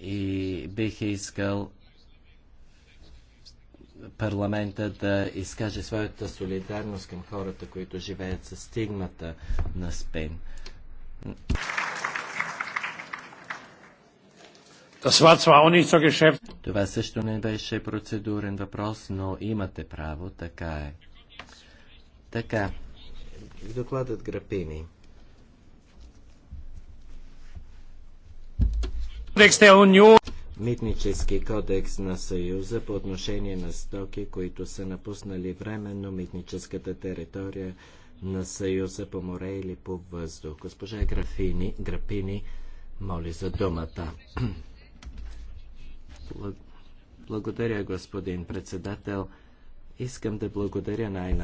и бих искал парламента да изкаже своята солидарност към хората, които живеят с стигмата на спин. Това също не беше процедурен въпрос, но имате право, така е. Така, докладът Грапини. Митнически кодекс на Съюза по отношение на стоки, които са напуснали временно митническата територия на Съюза по море или по въздух. Госпожа Графини, Грапини моли за думата. Благодаря, господин председател. Искам да благодаря най-напред